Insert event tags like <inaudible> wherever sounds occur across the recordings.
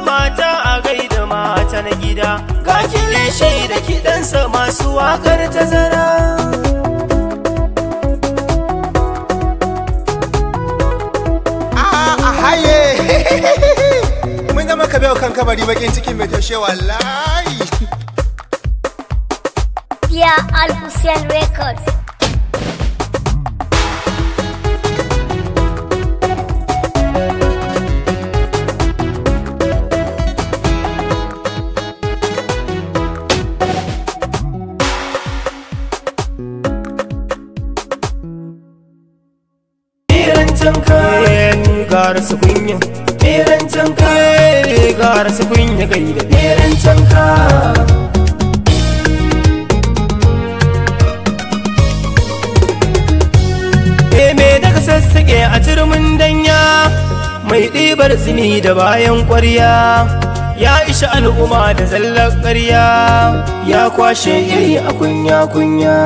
mata a gaida mata na gida ga shi da kiɗansa masu wakar tazara haye <laughs> mun zama kan kabari bakin cikin mai taushe wallahi ya al-hussein records rancen ka gara su kunya me rancen ka gara su kunya da me rancen ka me daga sassaƙe a turmin danya mai ɗibar zini da bayan ƙwarya ya ishi al'umma da zallar ƙarya ya kwashe iri a kunya-kunya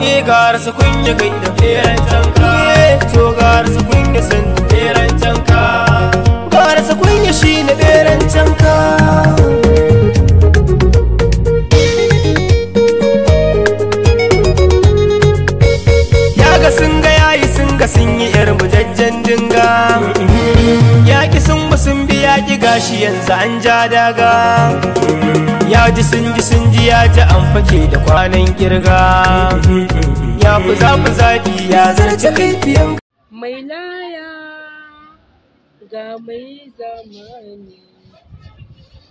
e eh, garsa kunya gaida ɗayan tanka to garsa dajjan dinga yaƙi sun ba sun bi yaƙi gashi yanzu an ja daga ya ji sun ji sun ji ya ji an fake da kwanan kirga ya fi za fi zaɓi ya zarce kaifiyan mai laya ga mai zamani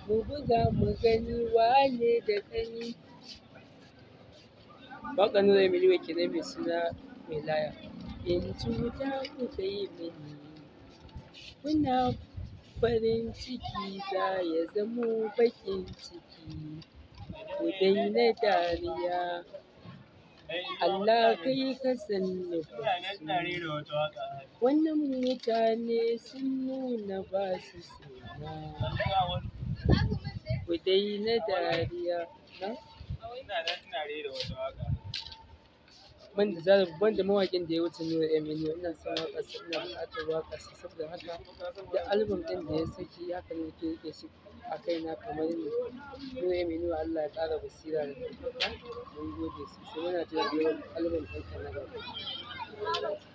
mu buga mu gani wane da kani bakanu nuna mai liwa kenan mai suna mai laya yanzu cuta ku kai mini farin ciki za ya zamo baƙin ciki ku daina dariya Allah kai ka san wannan mutane sun nuna ba su suna ku daina dariya Wanda zarar banda mawaƙin da ya wuce Nura Eminem ina son waƙarsa ina buƙatar waƙarsa saboda haka da album ɗin da ya saki haka ne yake rike shi a kaina kamar ni Nura Eminem Allah ya ƙara basira da ɗaukaka mun gode sosai muna jin album ɗinka na gaba